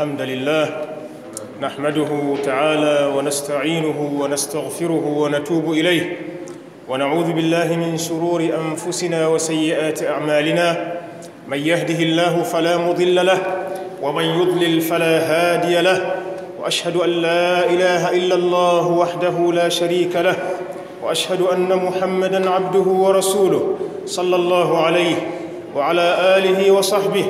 الحمد لله نحمده تعالى ونستعينه ونستغفره ونتوب إليه ونعوذ بالله من شرور أنفسنا وسيئات أعمالنا من يهده الله فلا مضل له ومن يضلل فلا هادي له وأشهد أن لا إله إلا الله وحده لا شريك له وأشهد أن محمدًا عبده ورسوله صلى الله عليه وعلى آله وصحبه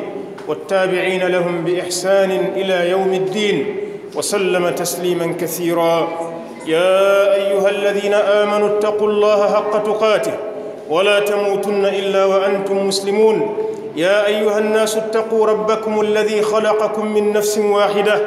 والتابعين لهم بإحسان إلى يوم الدين وسلم تسليما كثيرا يا أيها الذين آمنوا اتقوا الله حق تقاته ولا تموتن إلا وأنتم مسلمون يا أيها الناس اتقوا ربكم الذي خلقكم من نفس واحدة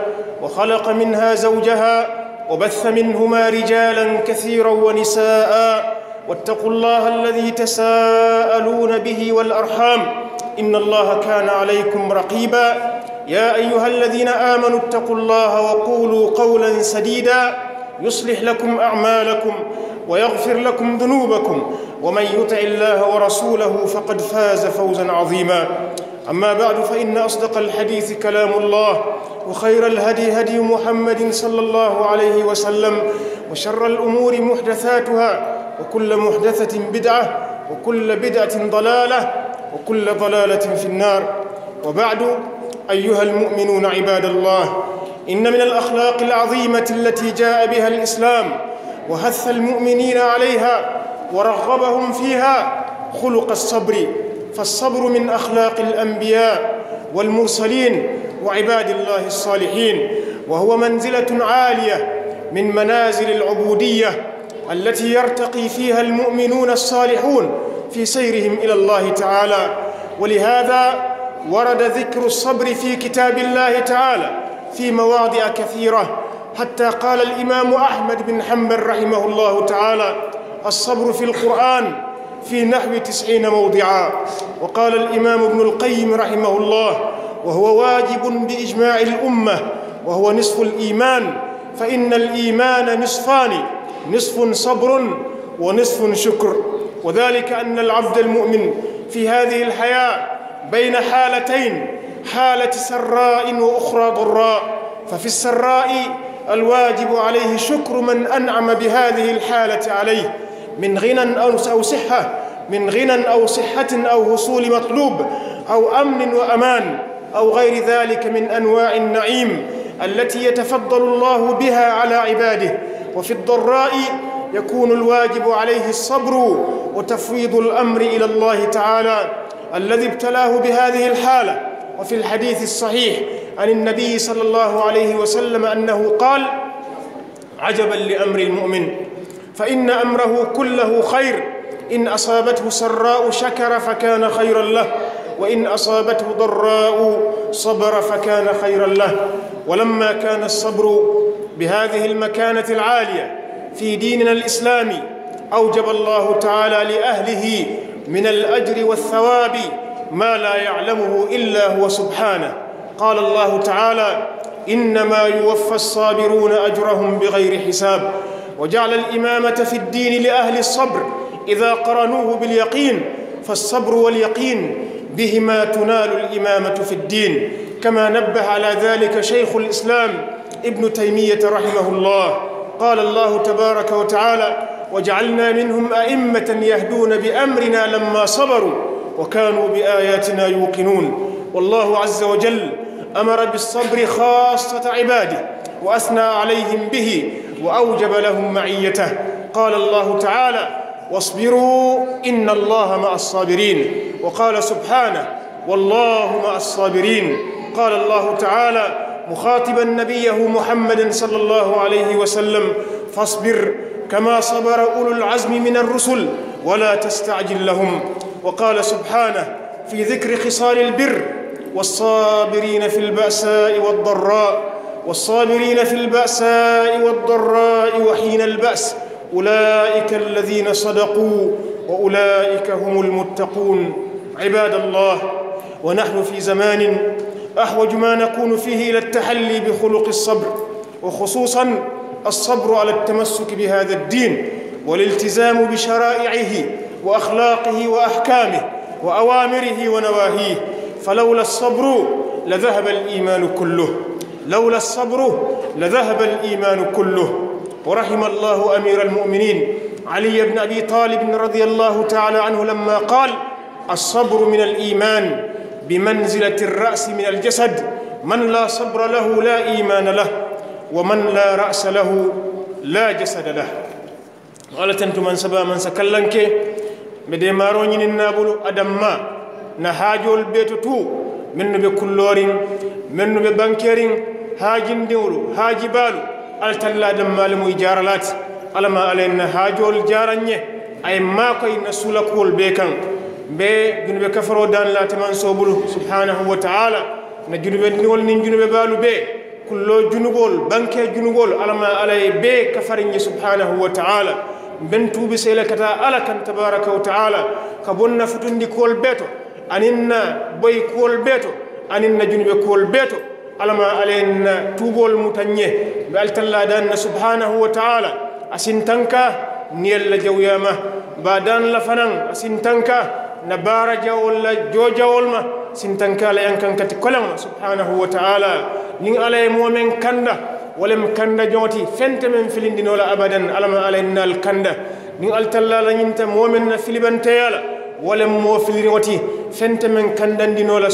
وخلق منها زوجها وبث منهما رجالا كثيرا ونساء واتقوا الله الذي تساءلون به والأرحام إن الله كان عليكم رقيبا يا أيها الذين آمنوا اتقوا الله وقولوا قولا سديدا يصلح لكم أعمالكم ويغفر لكم ذنوبكم ومن يطع الله ورسوله فقد فاز فوزا عظيما أما بعد فإن أصدق الحديث كلام الله وخير الهدي هدي محمد صلى الله عليه وسلم وشر الأمور محدثاتها وكل محدثة بدعة وكل بدعة ضلالة وكل ضلالة في النار وبعد أيها المؤمنون عباد الله إن من الأخلاق العظيمة التي جاء بها الإسلام وهث المؤمنين عليها ورغبهم فيها خلق الصبر فالصبر من أخلاق الأنبياء والمرسلين وعباد الله الصالحين وهو منزلة عالية من منازل العبودية التي يرتقي فيها المؤمنون الصالحون في سيرهم إلى الله تعالى ولهذا ورد ذكر الصبر في كتاب الله تعالى في مواضع كثيرة حتى قال الإمام أحمد بن حنبل رحمه الله تعالى الصبر في القرآن في نحو تسعين موضعا وقال الإمام ابن القيم رحمه الله وهو واجب بإجماع الأمة وهو نصف الإيمان فإن الإيمان نصفان نصف صبر ونصف شكر وذلك أن العبد المؤمن في هذه الحياة بين حالتين حالة سراء وأخرى ضراء ففي السراء الواجب عليه شكر من أنعم بهذه الحالة عليه من غنى أو صحة من غنى أو صحة أو وصول مطلوب أو أمن وأمان أو غير ذلك من أنواع النعيم التي يتفضل الله بها على عباده وفي الضراء يكون الواجب عليه الصبر وتفويض الأمر إلى الله تعالى الذي ابتلاه بهذه الحالة وفي الحديث الصحيح عن النبي صلى الله عليه وسلم أنه قال عجبا لأمر المؤمن فإن أمره كله خير إن أصابته سراء شكر فكان خيرا له وإن أصابته ضراء صبر فكان خيرا له ولما كان الصبر بهذه المكانة العالية في ديننا الإسلامي أوجب الله تعالى لأهله من الأجر والثواب ما لا يعلمه إلا هو سبحانه قال الله تعالى إنما يوفى الصابرون أجرهم بغير حساب وجعل الإمامة في الدين لأهل الصبر إذا قرنوه باليقين فالصبر واليقين بهما تنال الإمامة في الدين كما نبه على ذلك شيخ الإسلام ابن تيمية رحمه الله قال الله تبارك وتعالى وجعلنا منهم أئمة يهدون بأمرنا لما صبروا وكانوا بآياتنا يوقنون والله عز وجل أمر بالصبر خاصة عباده وأثنى عليهم به وأوجب لهم معيته قال الله تعالى واصبروا إن الله مع الصابرين وقال سبحانه والله مع الصابرين قال الله تعالى مخاطبا نبيه محمدا صلى الله عليه وسلم فاصبر كما صبر اولو العزم من الرسل ولا تستعجل لهم وقال سبحانه في ذكر خصال البر والصابرين في الباساء والضراء والصابرين في الباساء والضراء وحين الباس اولئك الذين صدقوا واولئك هم المتقون عباد الله ونحن في زمان أحوج ما نكون فيه إلى التحلي بخلق الصبر وخصوصا الصبر على التمسك بهذا الدين والالتزام بشرائعه وأخلاقه وأحكامه وأوامره ونواهيه فلولا الصبر لذهب الإيمان كله لولا الصبر لذهب الإيمان كله ورحم الله أمير المؤمنين علي بن أبي طالب رضي الله تعالى عنه لما قال الصبر من الإيمان بمنزلة الرأس من الجسد من لا صبر له لا إيمان له ومن لا رأس له لا جسد له قال تنتو من سبا من سكلنك مدي ماروني النابل أدم ما نهاجو البيت تو منو بكلورين منو ببنكرين هاجين دولو هاجي بالو التلا دم مالمو إجارلات ألما ألين هاجو الجارنيه أي ما كي نسولك البيكان be junube kafaro dan latiman sobulu subhanahu wa ta'ala na junube niwol nin junube balu be kullo junugol banke junugol alama alay be ni subhanahu wa ta'ala ben tuubi sele kata ala kan tabaraka wa ta'ala kabunna futundi kol beto aninna boy kol beto aninna junube kol beto alama alen tubol mutanye be altalla dan subhanahu wa ta'ala asintanka niyalla jawyama badan lafanan asintanka na baara jawol la joojawol ma sintankala yan kan kati kolema subhanahu wa taala nin ala ye momen kanda walem kanda joti fente men filindinola abadan alama ala nal kanda nin altalla la ñinta momen na filibanteyala walem mo filiriŋoti fente men kandandinola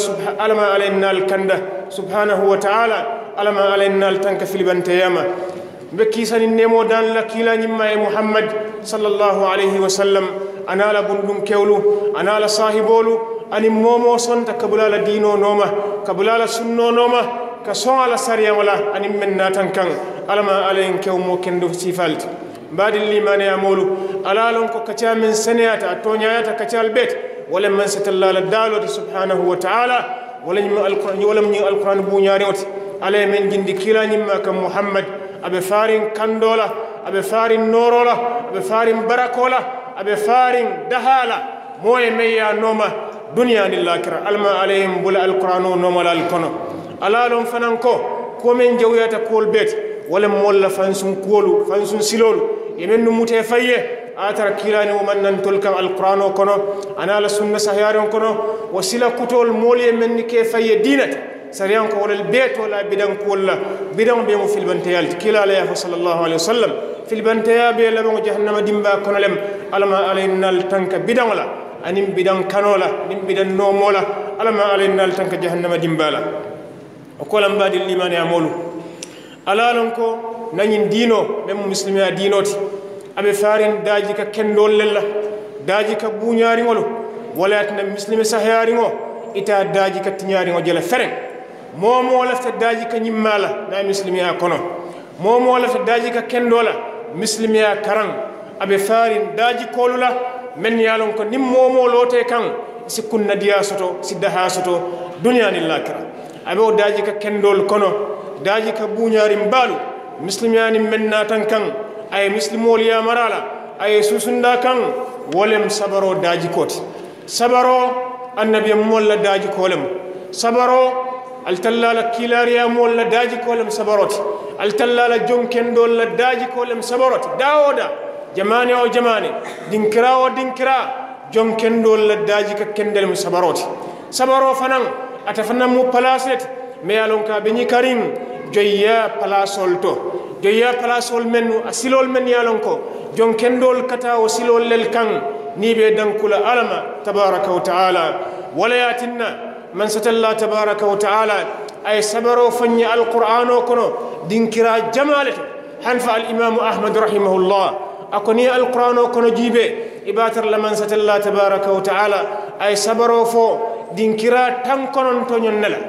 alama ala nal kanda subhanahu wa taala alama ala nal tanka filibanteyama mbe kiisanin nemo dan la kiilañimma e muhammad sallallahu alayhi wa sallam anala bundum kewlu anala sahibolu ani momo sonta kabulala dino noma kabulala sunno noma ka son ala sariyaŋola aniŋ meŋ naatan kaŋ alla ma alla yeŋ kewo moo kendo siifaalti mbaadin limaneya moolu ala loŋ ko kacaa meŋ seneyata a tooñayata kacaal beet walaŋ maŋ setalla la daaloo ti subhanahu wa taala walaŋ ñiŋ alqur'an buuñaariŋo ti alla ye meŋ jindi kiilañiŋ ma kaŋ muhammad a be faariŋ kandoo la a be faariŋ nooroo la a be faariŋ barakoo la aɓe farin dahala moye meya noma duniyani lakira alma alayhim bula alquran o nomalal kono ala lon fanan ko komin jawyata kuwol beete wala molla fansun kuwolu fansun silolu yemen numute fayye atara kilani o man nan tol kan alquran o kono anala sunna sahyari on kono wasila kutol moolu ye men ni ke fayye dinata سريان كول البيت ولا بدن كول بدن بيوم في البنتيال كلا لا صلى الله عليه وسلم في البنتيا بيلا بو جهنم ديمبا كونلم علما علينا التنك بدن ولا انيم بدن كانولا نيم بدن نومولا علما علينا التنك جهنم ديمبالا وكلم بعد الايمان يا مولو ala lon ko nañin diino men muslimi a diinoti aɓe farin daaji ka kendol lella daaji ka buñaariŋolu walayatina muslimi sahayariŋo ita daaji ka tiñaariŋo jele feren moo moo lafta daaji ka ñimmaa la naa misilimiya kono moo moo lafta daaji ka kendoo la misilimiya karaŋ abe faarin daaji koolu la men ye a lon ko niŋ moomoo lootee kaŋ si kunnadiyaa soto si dahaa soto duniyaa niŋ laakira abe wo daaji ka kendoolu kono daaji ka buuñaarin baalu misilimiya niŋ men naatan kaŋ a ye misilimoolu marala la a ye suusundaa kaŋ wo lem sabaro daajikoo ti sabaroo la daajikoo lemu sabaroo altalla la kilariyamol la daji kolem sabaroti altalla la jonkendol la daji kolem sabaroti dawoda jamane o jamane dinkira o dinkira jonkendol la daji ka kendel mu sabaroti sabaro fanan ata mu palaset me yalon ka be ni karim joyya palasol to joyya palasol men asilol men yalon ko jonkendol kata o silol lel kan ni dankula alama tabaraka wa taala wala yatinna من ست الله تبارك وتعالى أي سبر فني القرآن وكنو دينكرا جمالته حنف الإمام أحمد رحمه الله أكوني القرآن وكنو جيبه إباتر لمن ست الله تبارك وتعالى أي سبر فو دينكرا تنكنون تنين نلا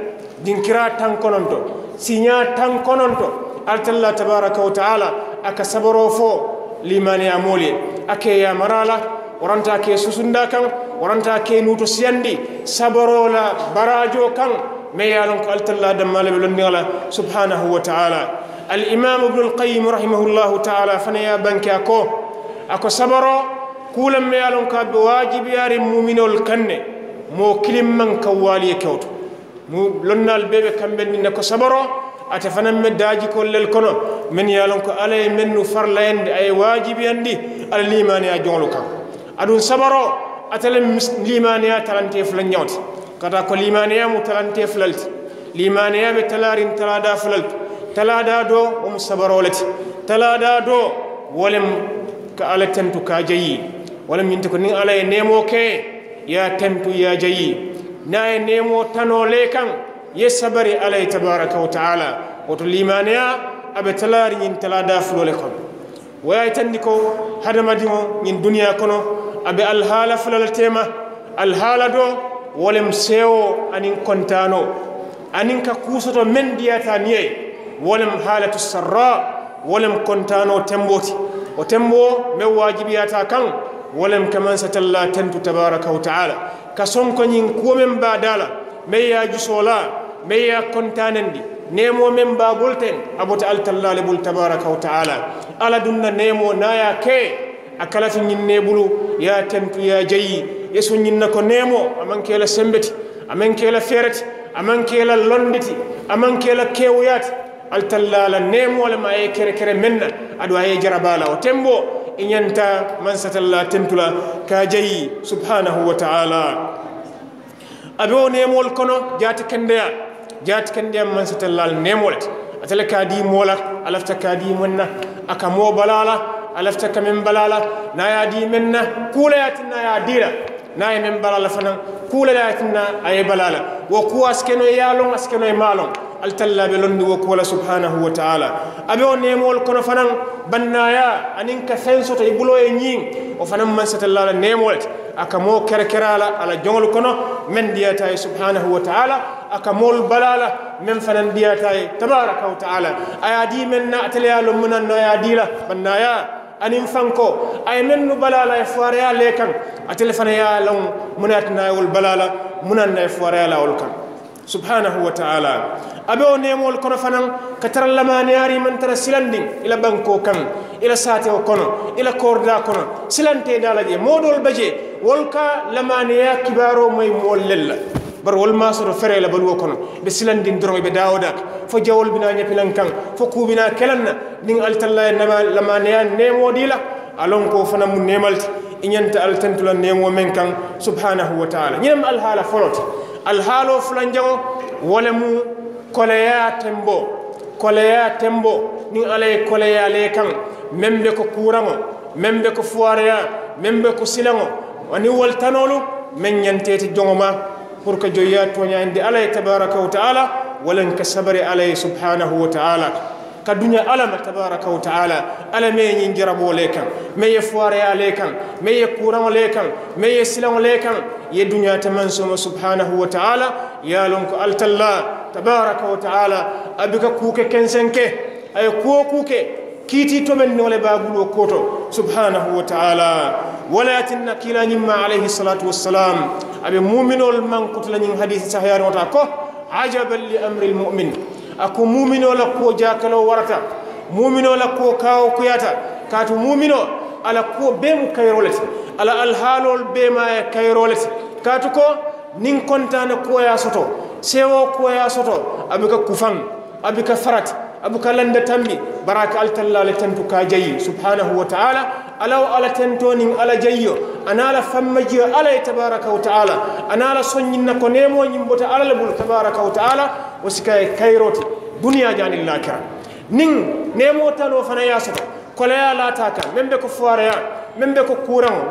دينكرا تنكنون تو سينيا تنكنون تو الله تبارك وتعالى أكا سبر فو لمن يامولي أكي يا مرالا ورانتا أكي سسندا كان wonanta kenu to siyandi saborola barajo kan me yalon ko altalla dammale ɓe londigala subhanahu wa taala alimamu ibnu alqayim rahimahullahu taala fanaya banke a ko ako saboro kuulan me yalon ka ɓe wajibiyarin muminol kanne mo kilim man kan kewto mu lonnal ɓeɓe kamɓen ɗinne ko saboro ate fanan me daji kollel kono min yalon ko ala e farla en aye wajibi andi ala limani a jonglu kan aɗum saboro atale limaniya talante fula ñawti kata ko limaniya mu talante fulalti limaniya be talarin talada fulalti talada do omu sabarolati talada do wolem ka ala tentu ka jayi wolem ñinte ko nin ala ye nemo ke ya tentu ya jayi na ye nemo tanole kan ye sabari ala ye tabaraka wa taala woto limaniya abe talari ñin talada fulole kono woya tandi ko hadamadiŋo ñin duniya kono abe alhaala fulal tema alhaala do wolem sewo anin kontano anin ka kusoto men diyata niye wolem haalatu sarra wolem kontano temboti o tembo men wajibiyata kan wolem kaman satalla tentu tabaraka wa taala ka sonkoñin kuwo men ba dala ya jusola men ya kontanendi nemo men ba bolten abota altallale bol tabaraka wa taala ala dunna nemo naya ke akalati ñin nebulu bulu ya tentu ya jayi yesu ñin na ko nemo aman kela sembeti aman kela fereti aman kela londiti aman kela kewuyati altallala nemo le ma ye kere kere menna adu aye jarabala o tembo inyanta man satalla tentula ka jayi subhanahu wa ta'ala abe o nemol kono jati kendeya jati kendeya man satallal nemolete atele ka di mola alafta ka di monna aka mo balala alafta ka min balala na ya di minna kula ya tinna ya dira na ya min balala fana kula ya tinna ay balala wa ku askeno yalon askeno malon altalla be londi wo kuwala subhanahu wa taala abe o nemol kono fanan bannaya anin ka fen soto e bulo e ñiin o fanan man satallala nemolete aka mo kerkerala ala jongol kono men ndiyata e subhanahu wa taala aka mol balala men fanan ndiyata e tabaraka wa taala aya di men na ataleya anin fanko ay nen balala e foore ya lekan a telefone ya law munat nawol balala munan na foore foireya lawol kan subhanahu wa ta'ala abe on nemol kono fanan ka tara lamaneyari man tara silandi ila banko kan ila sate o kono ila korda kono silante dalaje modol baje wolka ya kibaro may mollella bar wol ma soto fere la baluwo kono ɓe silandin doroŋ ɓe dawodak fo jawol bina ñapilan kan fo kuɓina kelan na ɗin altalla e nama lamaneya nemoɗila alon ko fana mu nemalti i altantula nemo menkan kan subhanahu wa taala ñinem alhaala foloti alhaalo fulanjaŋo wole mu koleya tembo koleya tembo ɗin ala ye koleya le kan membe be ko kuraŋo meŋ be ko fuwareya meŋ ko silaŋo ani woltanolu meŋ ñanteti joŋo pour que joya toñande alay tabaraka wa taala walan ka sabari alay subhanahu wa taala ka duña alama tabaraka wa taala ala me ñin jarabo le kan me ye foire ale kan me ye kuramo le kan me ye silamo le kan ye duña taman subhanahu wa taala ya lon ko altalla tabaraka wa taala abika kuke kensenke ay kuo kuke كيتي تمن ولا بابلو كوتو سبحانه وتعالى ولكن كلا نما عليه الصلاة والسلام أبي مؤمن من قتل نين حديث سهيار وتاكو عجبا لأمر المؤمن أكو مؤمن ولا كو جاكلو ورتا مؤمن ولا كو كاو كياتا كاتو مؤمن على كو بيم كيرولت على الحالول بيم كيرولت كاتو كو نين كونتان كو يا سوتو سيو كو يا سوتو أبي كفان أبي كفرت abu kalanda tambi baraka le tantu ka jayi subhanahu wa ta'ala alaw ala tanto tentonin ala jayyo anala fammajiyo ala e tabaraka wa ta'ala anala na ko nemo nyim bota ala bul tabaraka wa ta'ala wasika kayroti dunya janil lakira nin talo fana yasota ko la kan men membe ko foireya ya membe ko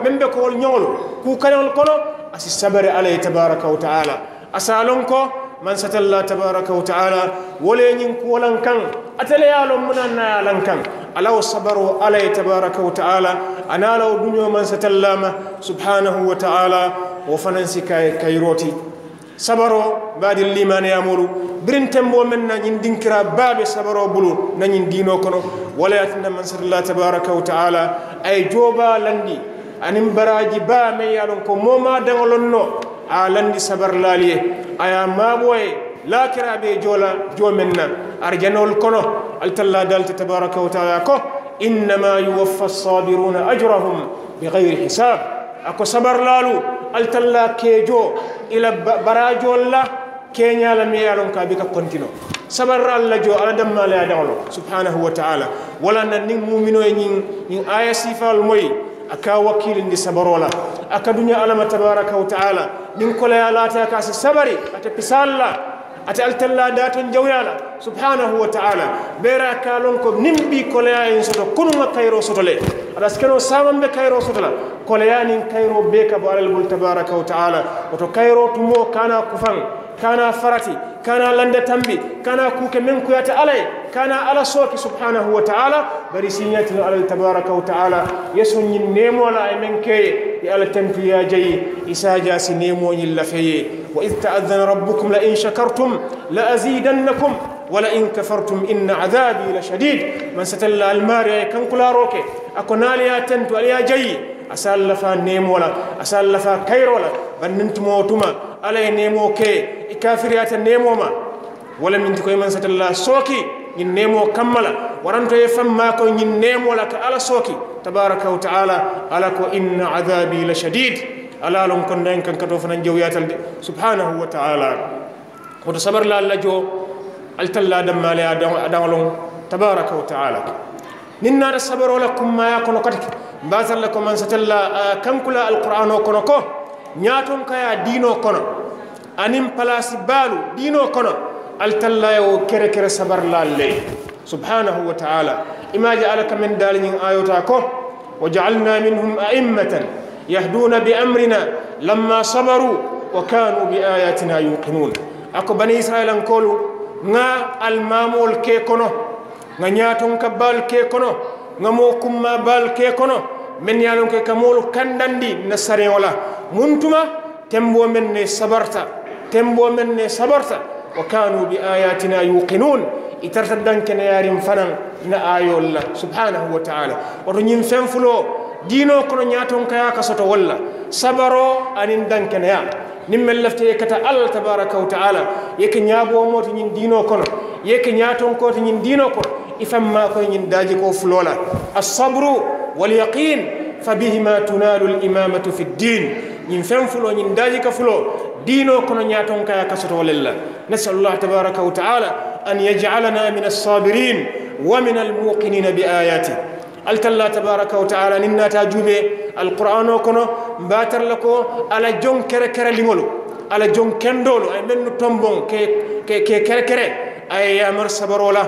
membe ko wol nyolo ku kukaneŋol kono asi sabare ala ye tabaraka wa ta'ala asalon ko man satalla tabaraka wa ta'ala wole nyin ko lan kan atale ya lo munan na lan kan alaw sabaru alay tabaraka wa ta'ala analaw dunyo man satallama subhanahu wa ta'ala wa fanansi kay kayroti sabaro badi liman yamuru birin tembo men na nyin dinkira babe sabaro bulu na nyin dino kono wala yatinna man satalla tabaraka wa ta'ala ay joba landi anin baraji ba men yalon ko moma dangolonno alandi sabar laliye aya maboye lakira جولا jola jomenna arjanol kono altalla dalta tabaraka wa taala ko انما يوفى الصابرون اجرهم بغير حساب اكو صبر لالو التلا كيجو الى براجو لا كينيا لمي يالون كابيكا كونتينو صبر الله جو على دم لا سبحانه وتعالى ولا نين مؤمنو ني ايا سيفال موي aka wakil ni sabarola aka dunya alama tabaraka wa taala nin kolayalaate aka si sabari ata pisalla ate altalla daton jawyala subhanahu wa ta'ala bera kalon ko nimbi kolaya en soto kununga kayro soto le ala skeno samambe kayro soto la kolaya nin kayro be ka bo alal bul wa ta'ala oto kayro tumo kana kufan kana farati kana landa tambi kana kuke men kuyata alay kana ala soki subhanahu wa ta'ala bari sinyati ala tabaraka wa ta'ala yesu nyin nemo la e men keye e ala tampi jayi isaja si nemo nyin lafeye وإذ تأذن ربكم لئن شكرتم لأزيدنكم ولئن كفرتم إن عذابي لشديد من ستلا الماري كان كلا روكي آليا تنت أليا جي أسالفا نيم ولا أسالفا كير ولا بننت موتما ألي نيمو كي إكافريات نيمو ما ولا من تكوي من ستلا سوكي ين نيمو kammala ورنت يفهم ما ko ين nemo la ka سوكي تبارك وتعالى wa taala ala ko ala lon kon nden kan kato fanan jawyatal de subhanahu wa ta'ala woto sabar la alla jo altalla dammale a daŋolon tabaraka wa ta'ala nin naata sabaro la kummaya kono katake mbasalla ko man satalla kankula alquran o kono ko ñaaton kaya diino kono anin palasi baalu diino kono altalla yo kere kere sabar la le subhanahu wa ta'ala ima ja'alaka min dalin ayota ko وجعلنا منهم أئمة يهدون بأمرنا لما صبروا وكانوا بآياتنا يوقنون أكو بني إسرائيل أنكولوا نا المامول كيكونو نا نياتون كبال كيكونو نا موكم ما بال كيكونو من يالون كندن دي نسرين ولا منتما تنبو من صبرتا تنبو من صبرتا وكانوا بآياتنا يوقنون إترتدن كنيارين فنن نا آيو الله سبحانه وتعالى ورنين فنفلو dino kono ñaatonkaya ka soto walla sabaro anin dankeneya nin men lefte kata allah tabaraka wa taala yeke ñaabomoto ñin diino kono yeke ñaatonkoto ñin diino kono ifamma koye ñin daaji ko fulola assabru walyaqin fa bihima tunalu imamatu fi ddin nyin fen fulo nyin daji ka fulo دينو كنا kaya كايا كسرو لله نسأل الله تبارك وتعالى أن يجعلنا من الصابرين ومن الموقنين بآياته التلا تبارك وتعالى ننا تاجوبة القرآن وكنه باتر لكو على جون كرة كرة لمولو على جون كندولو أي من نتنبون كي كي كرة كرة أي أمر صبرولا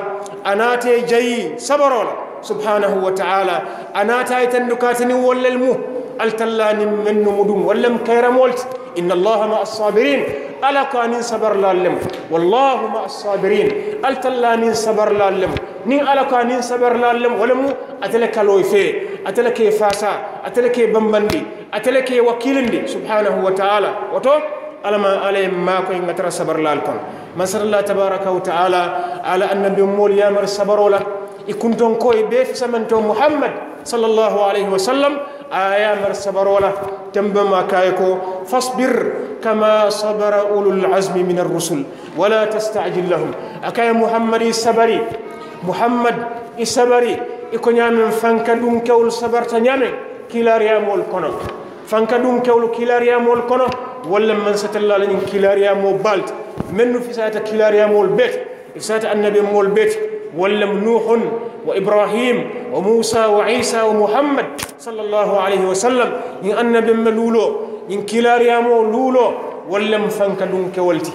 أنا تي جاي صبرولا سبحانه وتعالى أنا تاي تنكاتني ولا المو التلا نمن مدوم ولا مكير مولت إن الله مع الصابرين ألا كان صبر لا والله مع الصابرين التلا صبر لا نين على كانين سبرنا لم ولم أتلك لويفة أتلك فاسا أتلك بمبندي أتلك وكيلندي سبحانه وتعالى وتو على ما عليه ما كن ترى سبر لالكم ما سر الله تبارك وتعالى على أن بمول يامر الصبر ولا يكون تنكوي بيف سمنتو محمد صلى الله عليه وسلم آيامر الصبر ولا تنبما كايكو فاصبر كما صبر أولو العزم من الرسل ولا تستعجل لهم أكاي محمد السبري محمد إسبري يكون يامن فانكدون كول صبر تنيامن كيلاريا مول كونو فانكدون كول كيلاريا مول كونو ولا من سات الله لين كيلاريا مول بالت منو في ساعة كيلاريا مول بيت في ساعة النبي مول بيت ولا نوح وإبراهيم وموسى وعيسى ومحمد صلى الله عليه وسلم إن النبي ملولو إن كيلاريا مول لولو ولا من فانكدون كولتي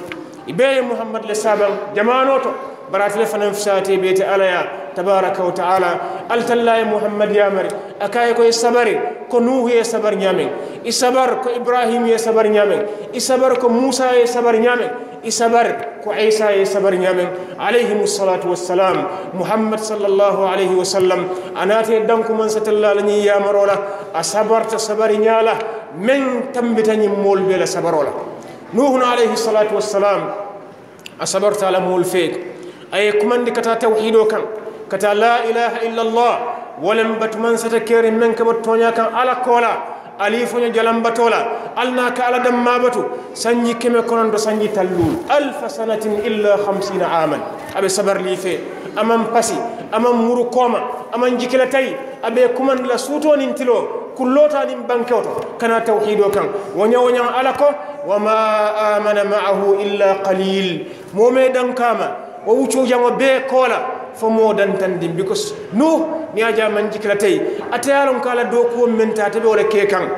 إبي محمد لسابع جمانوتو براتل فنان فساتي بيت عليا تبارك وتعالى قلت التلاي محمد يا مري أكاي كو كوي سبري كنوه يسبر نيامي إسبر كو إبراهيم يسبر نيامي إسبر كو موسى يسبر نيامي إسبر كو عيسى يسبر نيامي عليهم الصلاة والسلام محمد صلى الله عليه وسلم أناتي دنكم من ستلا لني يا مرولا أسبر تصبر نيالا من تنبتني مول بلا سبرولا نوح عليه الصلاة والسلام أصبرت على مول فيك ay kumandi kata tawhido kan kata la ilaha illa allah walam batman sata kere men ka battonya kan ala kola ali fonyo jalam batola alna ka ala dam mabatu sanyi keme konon do sanyi tallu alf sanatin illa 50 aman abe sabar li fe amam pasi amam muru koma amam jikila tay abe kuman la suto nin tilo kullota nin bankewto kana tawhido kan wonya wonya ala ko wama amana ma'ahu illa qalil mome dan kama wo wuccuujango bee koola fo moo dantandin because nu ni a jaman jikila tey ateyalon ko ala dookuwo men taate ɓe wole kee kan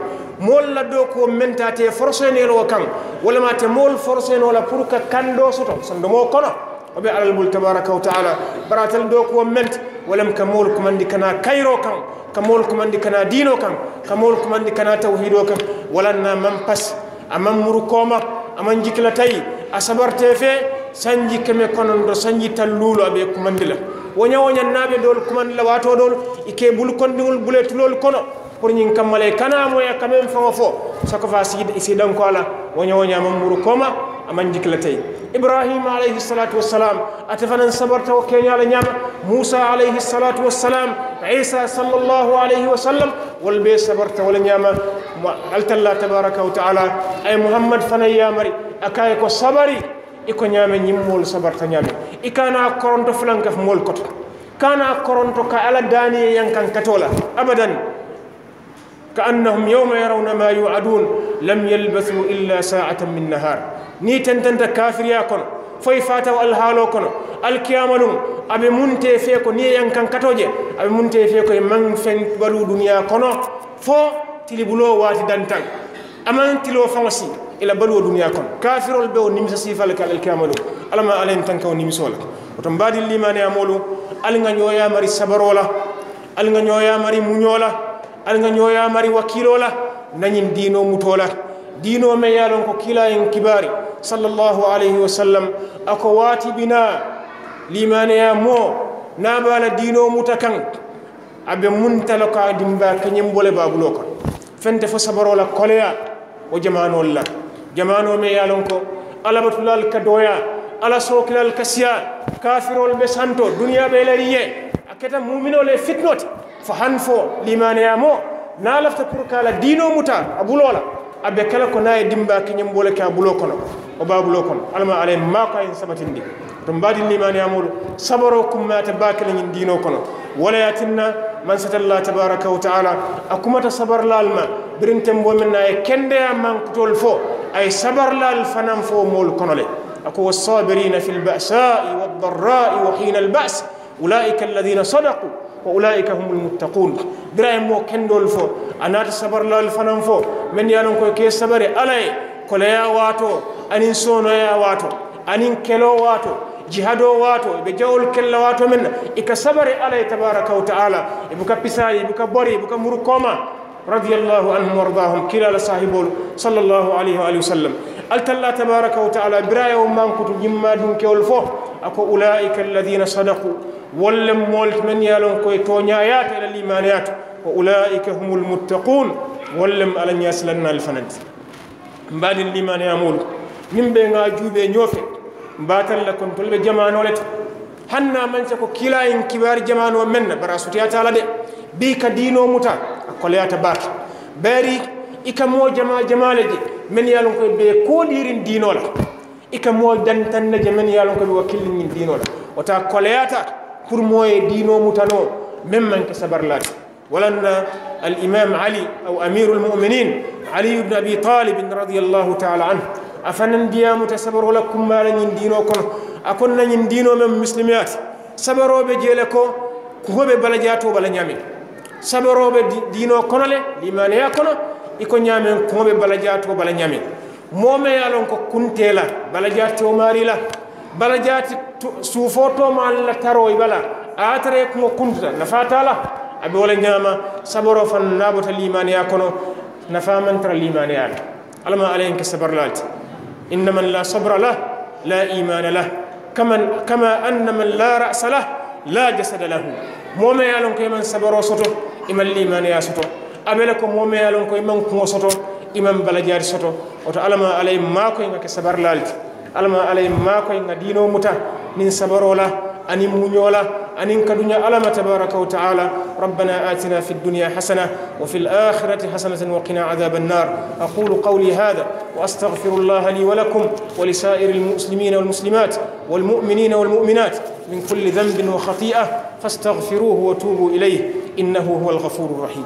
mool la dookuwo men taate forcénelo o kan walama te mool forcéno la pour que kanndo soto sondomo kono o ɓe alal mul tabaraka wa taala baratal dookuwo mente walam ka mool kumandi kana kayro kan ka mool kumandi kana diino kan ka mool kumandi kana tawhido kan walanna man pas aman muru kooma aman jikila tayi a sabarte fee sanji keme konon do sanji tan lulu abe kumandila wonya wonya nabe dol kumandila wato dol ike bul kon kondiwol buletulol kono pour ñing kamale kana mo ya kame fo fo sako fa sidi isi dan ko ala wonya wonya mamuru koma aman jikla tay ibrahim alayhi salatu wassalam atafanan sabarta o kenya la nyama musa alayhi salatu wassalam isa sallallahu alayhi wasallam wal be sabarta wala nyama altalla tabaraka wa taala ay muhammad fanayamari akay ko sabari iko nyame nyim mol sabar ta nyame ikana koronto fulankaf mol koto kana koronto ka ala dani yankan katola abadan كأنهم يوم يرون ما يوعدون لم يلبثوا إلا ساعة من نهار ني تنتنت كافر ياكن فاي فاتو الهالوكن القياملم أبي منتي فيكو ني ينكن كتوجي أبي منتي فيكو من فن بلو دنيا كنو فو تلبلو واتي دانتان أمان تلو فنسي ila balwo duniya kon kafirol be o nimisa sifal kal al kamalu alama alen tanka o nimisol to mbadi limane amolu al nga nyoya mari sabarola al nga nyoya mari munyola al nga nyoya mari wakilola nanyin dino mutola dino me yalon ko kila en kibari sallallahu alaihi wasallam ako wati bina limane ya mo na bala dino mutakan abe muntala ka dimba kanyembole babulo kon fente fo sabarola koleya o jamanol la jamano me yalon ko alabatulal ka doya ala sokilal ka siya kafirol be santo duniya be la ye aketa mu'minol e fitnot fa han fo limaniya mo na lafta pour kala dino muta abulola abe kala ko naye dimba ke nyambole ka bulo kono o babulo kono alma alay ma ko en sabatindi to mbadi limaniya mo sabaro kumma tabakal ngin dino kono wala yatinna man satalla tabaraka wa taala akumata sabarlalma birinten bomin naye kendeya mankutol fo أي صبر لا للفنان فومو كنولي أكو الصابرين في البأساء والضراء وحين البأس أولئك الذين صدقوا وأولئك هم المتقون درايم مو كندول فو أنا صبر للفنان فو من يالون كوي كي صبري كل يا واتو أنين سونو يا واتو أنين كيلو واتو jihado واتو ɓe jawol واتو من men صبر ka تبارك وتعالى إبوكا wa إبوكا بوري إبوكا مركوما رضي الله عنهم وارضاهم كلا صاحبول صلى الله عليه وآله وسلم الله تبارك وتعالى برايا ومان كتب جمع دونك والفوح أكو أولئك الذين صدقوا ولم مولت من يالون كوي تونيايات إلى الإيمانيات وأولئك هم المتقون ولم ألن يسلنا الفنان بعد الإيمان يامول من بين جوبي نيوفي باتل لكم طلب جمعان ولت هنا من سكو كلا إن كبار جمعان ومن براسو تياتا لدي بيك دينو متاك koleyata baake bari ika mo jama jamale je men ye lon be ko dirin diino la ika moo dantanne je men ye lon wakil ɓe wakkillinin la wota koleyata pour moy dino mutano men manke sabarlaade ولن الإمام علي أو أمير المؤمنين علي بن أبي طالب رضي الله تعالى عنه أفنن ديا متسبر لكم ما لن دينوكم أكون لن دينو من مسلمات سبروا بجيلكم كوبي بلجاتو بلا saboroɓe diino kono le limaneya kono iko ñaamen kuŋoɓe bala jaato bala ñaamen moome ye lon ko kunte la bala jaatito maari la bala jaati suufo tomaali la taro i bala a tara kuntuta nafa ta la a be wo le ñaama saboro fan naabota limaneya kono nafa man limaneya la alla ma alla yen ke sabarla inna man la sabra la la imana la كما أن من لا رأس له لا جسد له موما يعلم كيما صبروا صوته iman limaniya soto amela ko momeya lon ko iman kuŋo soto iman balajaari soto oto alama alay maakoye ŋa ke sabar laalti alama alay maakoye ŋa diino muta nin sabaro la ani muñoo la أنين كدنيا ألم تبارك وتعالى ربنا آتنا في الدنيا حسنة وفي الآخرة حسنة وقنا عذاب النار أقول قولي هذا وأستغفر الله لي ولكم ولسائر المسلمين والمسلمات والمؤمنين والمؤمنات من كل ذنب وخطيئة فاستغفروه وتوبوا إليه إنه هو الغفور الرحيم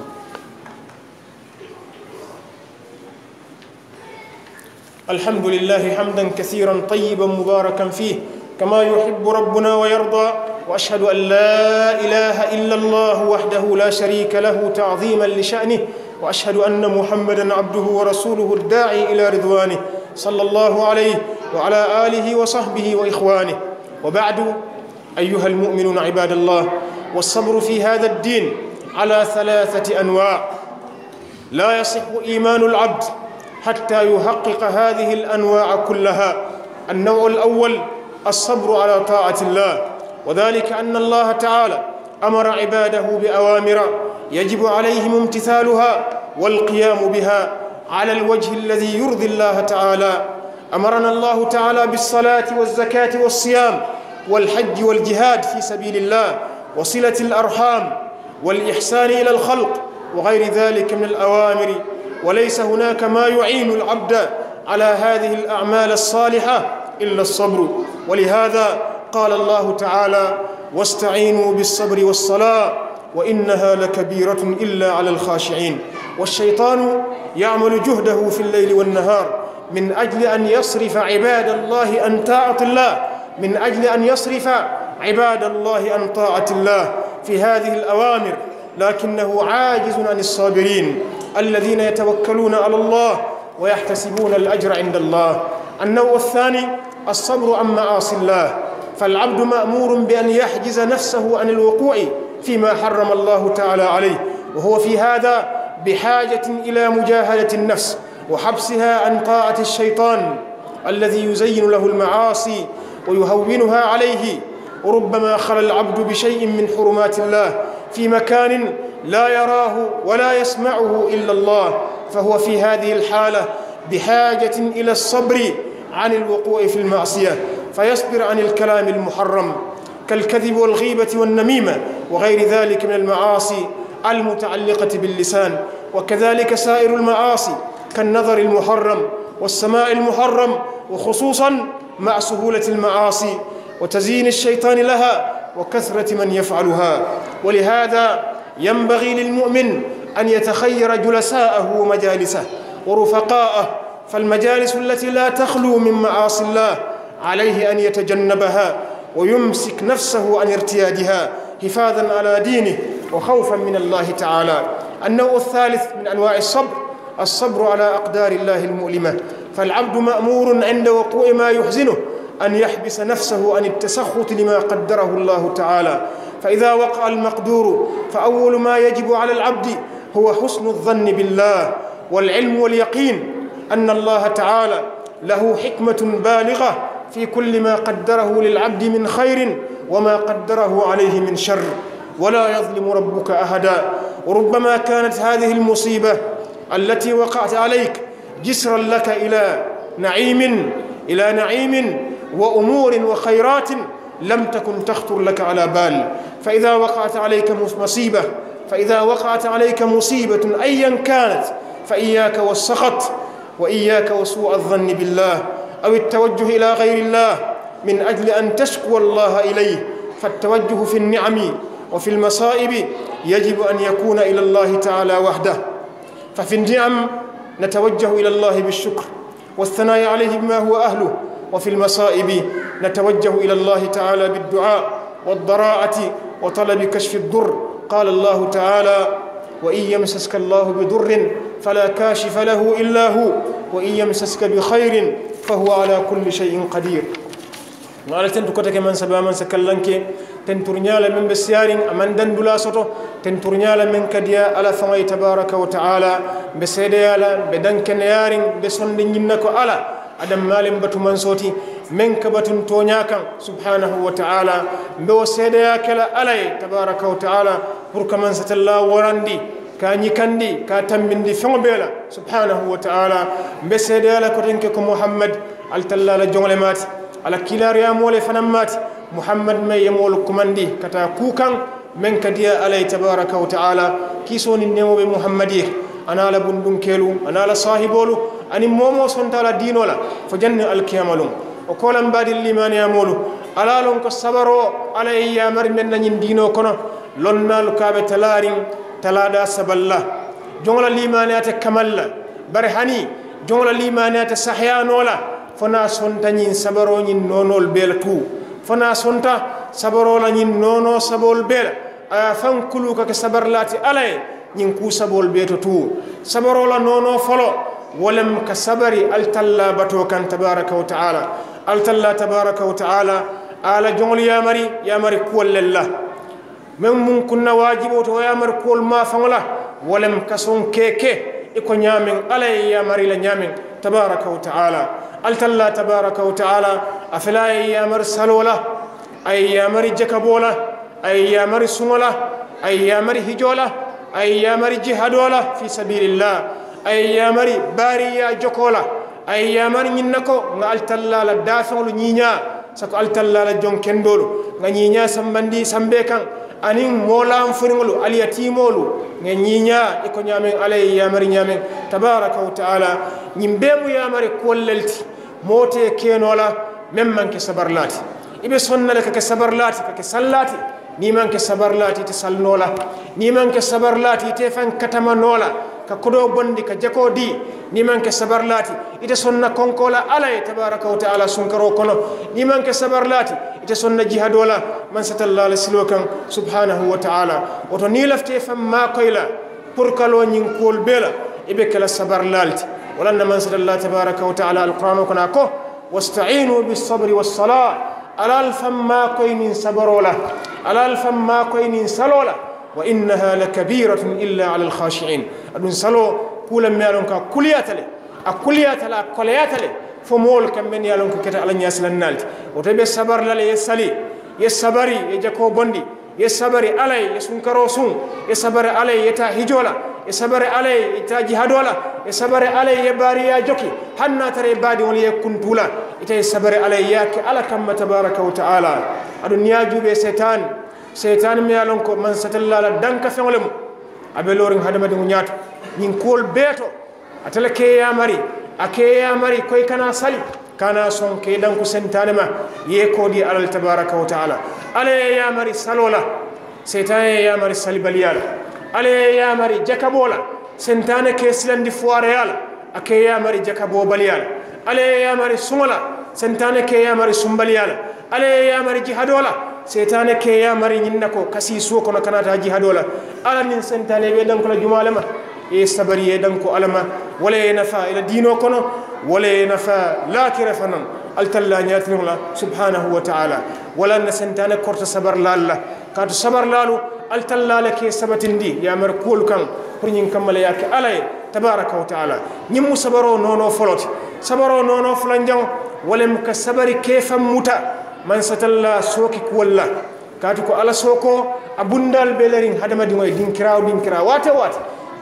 الحمد لله حمدا كثيرا طيبا مباركا فيه كما يحب ربنا ويرضى واشهد ان لا اله الا الله وحده لا شريك له تعظيما لشانه واشهد ان محمدا عبده ورسوله الداعي الى رضوانه صلى الله عليه وعلى اله وصحبه واخوانه وبعد أيها المؤمنون عباد الله والصبر في هذا الدين على ثلاثة أنواع لا يصح إيمان العبد حتى يحقق هذه الأنواع كلها النوع الأول الصبر على طاعة الله وذلك أن الله تعالى أمر عباده بأوامر يجب عليهم امتثالها والقيام بها على الوجه الذي يرضي الله تعالى أمرنا الله تعالى بالصلاة والزكاة والصيام والحج والجهاد في سبيل الله وصلة الأرحام والإحسان إلى الخلق وغير ذلك من الأوامر وليس هناك ما يعين العبد على هذه الأعمال الصالحة إلا الصبر ولهذا قال الله تعالى واستعينوا بالصبر والصلاة وإنها لكبيرة إلا على الخاشعين والشيطان يعمل جهده في الليل والنهار من أجل أن يصرف عباد الله أن تعطي الله من أجل أن يصرف عباد الله عن طاعة الله في هذه الأوامر لكنه عاجز عن الصابرين الذين يتوكلون على الله ويحتسبون الأجر عند الله النوع الثاني الصبر عن معاصي الله فالعبد مأمور بأن يحجز نفسه عن الوقوع فيما حرم الله تعالى عليه وهو في هذا بحاجة إلى مجاهدة النفس وحبسها عن طاعة الشيطان الذي يزين له المعاصي ويهونها عليه وربما خلى العبد بشيء من حرمات الله في مكان لا يراه ولا يسمعه إلا الله فهو في هذه الحالة بحاجة إلى الصبر عن الوقوع في المعصية فيصبر عن الكلام المحرم كالكذب والغيبة والنميمة وغير ذلك من المعاصي المتعلقة باللسان وكذلك سائر المعاصي كالنظر المحرم والسماء المحرم وخصوصاً مع سهولة المعاصي وتزيين الشيطان لها وكثرة من يفعلها ولهذا ينبغي للمؤمن أن يتخير جلساءه ومجالسه ورفقاءه فالمجالس التي لا تخلو من معاصي الله عليه أن يتجنبها ويمسك نفسه عن ارتيادها حفاظا على دينه وخوفا من الله تعالى النوع الثالث من أنواع الصبر الصبر على أقدار الله المؤلمة فالعبد مأمور عند وقوع ما يحزنه أن يحبس نفسه عن التسخط لما قدره الله تعالى فإذا وقع المقدور فأول ما يجب على العبد هو حسن الظن بالله والعلم واليقين أن الله تعالى له حكمة بالغة في كل ما قدره للعبد من خير وما قدره عليه من شر ولا يظلم ربك أحدا وربما كانت هذه المصيبة التي وقعت عليك جسرا لك إلى نعيم إلى نعيم وأمور وخيرات لم تكن تخطر لك على بال فإذا وقعت عليك مصيبة فإذا وقعت عليك مصيبة أيا كانت فإياك والسخط وإياك وسوء الظن بالله أو التوجه إلى غير الله من أجل أن تشكو الله إليه فالتوجه في النعم وفي المصائب يجب أن يكون إلى الله تعالى وحده ففي النعم نتوجه إلى الله بالشكر والثناء عليه بما هو أهله وفي المصائب نتوجه إلى الله تعالى بالدعاء والضراءة وطلب كشف الضر قال الله تعالى وإن يمسسك الله بضر فلا كاشف له إلا هو وإن يمسسك بخير فهو على كل شيء قدير ngala tentu kota ke man sabe man sakallanke ten turnyala men be siyarin aman dan dula soto ten turnyala men kadia ala fa fangai tabaaraka wa taala be sede ala be dan ken yarin be sonde nyinna ko ala adam malim batu man soti men ka batun tonya kan subhanahu wa taala be o sede ya kala alay tabaaraka wa taala pur kaman satalla warandi ka ñikandi ka tambindi feŋo subhanahu wa taala mbe seedeya ko tenke ko muhammad altalla la joŋle ala kilariyamole fanan mati muhammad may yemol kumandi kata kukan men kadiya alay tabaraka wa taala kisoni nemoɓe muhammadi ana ala bundum kelu ana ala sahibolu ani momo sontala dinola fo janni alkiyama lum o kolan mbadil limaniyamolu ala lon ko sabaro ala e yamari men nañin dino kono lonnalu kaɓe talarin talaɗa saballa jongla limaniyate kamalla bare hani jongla limaniyate sahiyanola fona sonta ñin sabaro ñin nonol bel tu fona sonta sabaro la ñin nono sabol bel aya fan kulu ka sabar lati alay ñin ku sabol beto tu sabaro la nono folo walam ka sabari altalla bato kan tabaraka wa taala altalla tabaraka wa taala ala jongol yamari yamari kuwal lillah men mun kunna wajibo to yamari kuwal ma fangola walam kason keke iko nyamen alay yamari la nyamen tabaraka wa taala قلت الله تبارك وتعالى أفلا يا أمر سلولة أي أمر جكبولة أي أمر سمولة أي أمر هجولة أي أمر جهدولة في سبيل الله أي أمر باريا جكولة أي أمر ننكو قلت الله لدافع لنينا سقلت الله لجون كندول لنينا سمبندي سمبكان anin molan furiŋolu ali yatimolu ŋe ñiña i ko ñameŋ alla ye yamari ñameŋ tabaraka wa taala ñiŋ bee mu yamari kuwol le ti moo te keno la meŋ maŋ ke sabarlaati i be sonna le ka ke sabarlaati ke sallaati niŋ maŋ ke sabarlaati ite salnoo la niŋ maŋ ke sabarlaati ite faŋ katamanoo la ka kodo bondi ka jako di ni manke sabar lati ite sonna konkola ala e tabaraka wa taala sunkaro kono ni manke sabar lati ite sonna jihadola man satalla ala silo subhanahu wa taala oto ni lafte fam ma koyla pour kalo nyin kol bela ibe kala sabar wala na man satalla tabaraka wa taala alquran kono ko wasta'inu bis sabri was sala ala al fam ma koy sabarola ala al fam ma koy salola وإنها لكبيرة إلا على الخاشعين أدون سلو كولا ميالون كا كلياتالي أكلياتالا كلياتالي فمول كم من يالون كتا على الناس لنالت وتبي سبر للي يسالي يسبري يجاكو بندي يسبري علي يسنكرو سون يسبري علي يتا هجولا يسبري علي يتا جهدولا يسبري علي يباري يا جوكي حنا تري بادي ولي يكون طولا يتا يسبري علي ياك على كم تبارك وتعالى الدنيا جوبي سيتان seytani mi yalon ko man satallala danka feŋole mu aɓe lorin hadamadiŋo ñaato ñin kuwol beeto atele keeyamari a keeyamari koye kana sali kana son ke danku sentane ma ye koodi alal tabaraka wa taala ala ye yamari salola seytan ye yamari salibaliyala ala ye yamari jakabola sentane ke silandi foireyala a ke yamari jakabobaliyala ala ye yamari suŋola sentane ke yamari sumbaliyala ala ye yamari jihadola سيتانا كيا ماري نينكو كسي سو كنا كنا تاجي هدولا على نين سنتانا يدن كلا جمالة ما يستبر يدن كو علما ولا ينفع إلى دينو كنا ولا ينفع لا كرفنا التلا نياتنا الله سبحانه وتعالى ولا نسنتانا كرت صبر لا الله كرت صبر التلا لك يستبت دي يا مركول كان برين كمل ياك علي تبارك وتعالى نمو صبرو نونو فلوت صبرو نونو فلنجو ولم كصبر كيف موتا man satalla sooki kuwolla kaatu ko ala sooko a bundal ɓe larin hadamadio e dinkirawo dinkira wata wata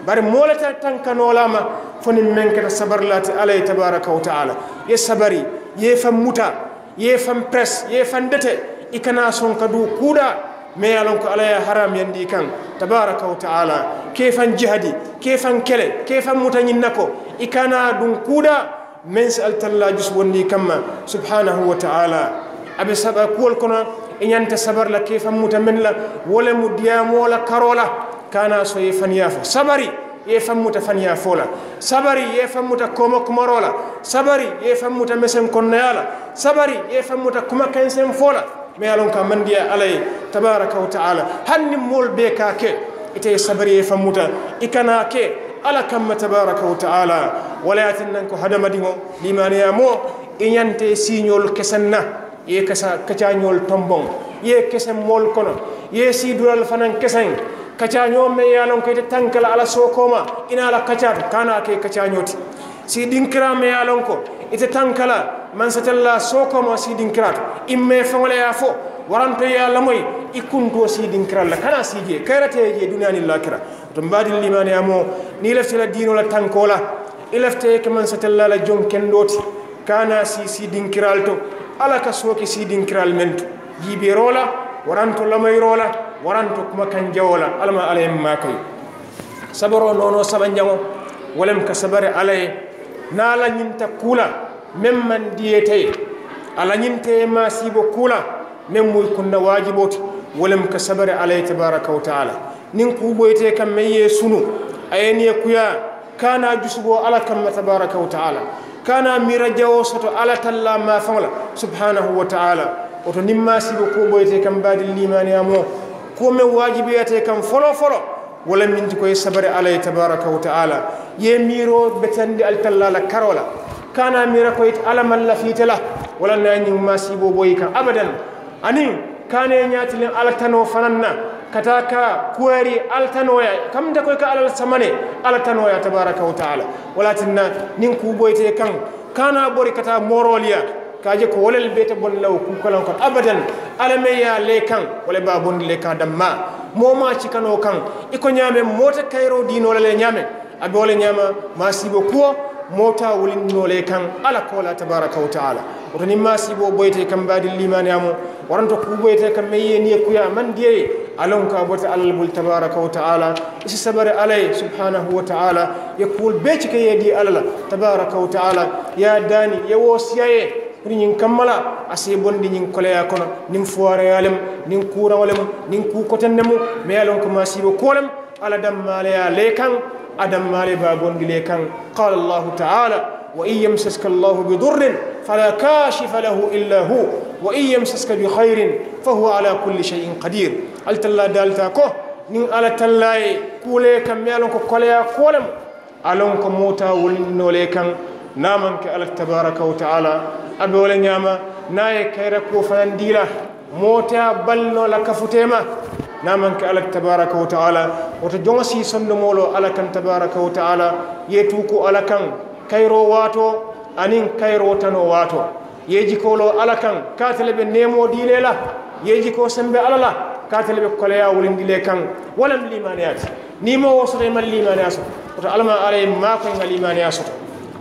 bare molata tan ka nolama foni men kata sabar lati alay tabaraka wa taala ye sabari ye fan muta ye fan press ye fan dete ikana son kadu kuuɗa mai alon ko alaya haram yandi kan tabaraka wa taala ke fan jihadi ke fan kele ke fan muta ñinnako ikana ɗum kuuɗa men si altallajus wondi kamma subhanahu wa taala aɓe saba kuwol kono e ñanta sabar la ke fammuta men wole mu diyamo la kana so ye faniya sabari ye fammuta faniya fo la sabari ye fammuta komo kumaro la sabari ye fammuta mesen konnaya la sabari ye fammuta kuma kensen fo la mais alon ka mandiya tabaraka wa taala hanni mool be ke ite sabari ye fammuta i kana ke ala kamma tabaraka wa taala walayatin nan ko hadamadiŋo limaniya mo i ñante kesanna ye kasa nyol tombon ye kese mol kono ye dural fanan kesen nyom me yalon lon tankala ala sokoma ina ala kacha kana ke nyoti si dinkira me yalon ko ite tankala mansatella sokoma si dinkirato imme fengole ya fo waranto ya lamoy ikun do si dinkiral la kana si je kayrate je duniyani lakira to mbadi ya mo ni leftela dino la tankola ilefte ke mansatella la jon kendoti kana si si dinkiral ala ka sooki siidin kiral men to jiiɓeeroo la waranto lamayroo la waranto kuma kan jawola la ala ma sabaro noonoo saba njaŋo walem ka sabare ala ye naa la ñinta kuula meŋ man diyete ye a la ñinta ye maa siibo kuula meŋ muy kunna waajiboo ti walem ka sabare ala ye tabaraka wa taala niŋ kuuboyitee kaŋ meŋ ye sunu a ye niŋ ye kuyaa kaana jusuboo ala kamma tabaraka wa taala kana mira jawo soto ala talla ma fawla subhanahu wa ta'ala oto nimma sibo ko boyte kam badil limani amo ko me wajibiyate kam folo folo wala minti koye sabari alay tabaraka wa ta'ala ye miro betandi al talla la karola kana mira koye ala man lafitela wala nani ma sibo boy kam abadan anin kane ñatilin ala tano fananna kataka kuwari altanoya da koy ka alal samane altanoya tabaraka wa taala na nin ku boyte kan kana bori kata moroliya je ko walal beta bon law ku kalan kon abadan alameya le kan wala babondi le kan damma Mo ma ci kan iko nyame mota kairo dino le nyame abi wala nyama masibo kuwa mota le kan ala k'o la tabaraka wa taala oto ni masibo boyte kan badil limani amu waranto boyte kan ni ku kuya man diye alon ka bota alal bul tabaraka wa ta'ala isi sabare alay subhanahu wa ta'ala ya beci yedi alala tabaraka wa ta'ala ya dani ya wosiyaye ni kammala kamala si bondi ñiŋ koleya kono niŋ foore yalem niŋ kura walem niŋ ku kotende mu ma ko masibo kolem ala dammaleya le kaŋ a dammale bondi lekan qala allah taala wa in allah allahu bidurrin fala kashifa lahu illa hu وإن يمسسك بخير فهو على كل شيء قدير التلا دالتا كو نين على تلاي كولي كم يالون كو كوليا كولم ألون كو موتا ولنولي كم نامن كألك تبارك وتعالى أبي ولن ياما ناي كيركو فنديلا موتا بلنو لك فتيما ka على tabaraka وتعالى وتجونسي wata jonga si sondo molo alakan tabaraka wa ta'ala yetu ko alakan kairo wato anin yeji kolo ala kan katele be nemo dile la yeji ko sembe ala la katele be koleya wulen dile kan walam limaniyat ni mo wosote man limaniyat to alama alay ma ko ngal limaniyat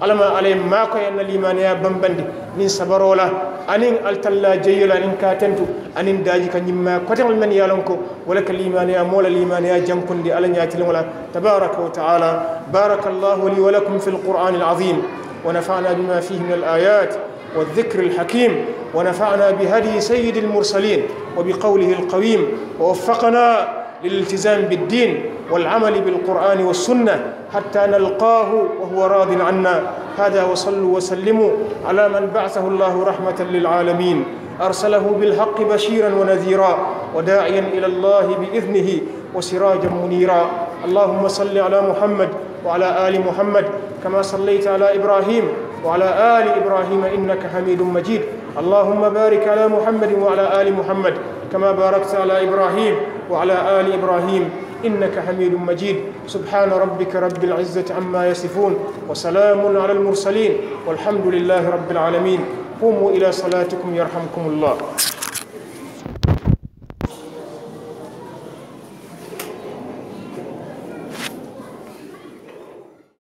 alama alay ma ko en limaniya bambandi nin sabarola anin altalla jeyola anin katentu anin daji ka nyimma kotel men yalon ko wala ka limaniya mola limaniya jankundi ala nyatil wala tabaraka wa taala barakallahu li wa lakum fil qur'anil azim ونفعنا بما فيه من الآيات والذكر الحكيم ونفعنا بهدي سيد المرسلين وبقوله القويم ووفقنا للالتزام بالدين والعمل بالقرآن والسنة حتى نلقاه وهو راض عنا هذا وصلوا وسلموا على من بعثه الله رحمة للعالمين أرسله بالحق بشيرا ونذيرا وداعيا إلى الله بإذنه وسراجا منيرا اللهم صل على محمد وعلى آل محمد كما صليت على إبراهيم وعلى آل إبراهيم إنك حميد مجيد اللهم بارك على محمد وعلى آل محمد كما باركت على إبراهيم وعلى آل إبراهيم إنك حميد مجيد سبحان ربك رب العزة عما يصفون وسلام على المرسلين والحمد لله رب العالمين قوموا إلى صلاتكم يرحمكم الله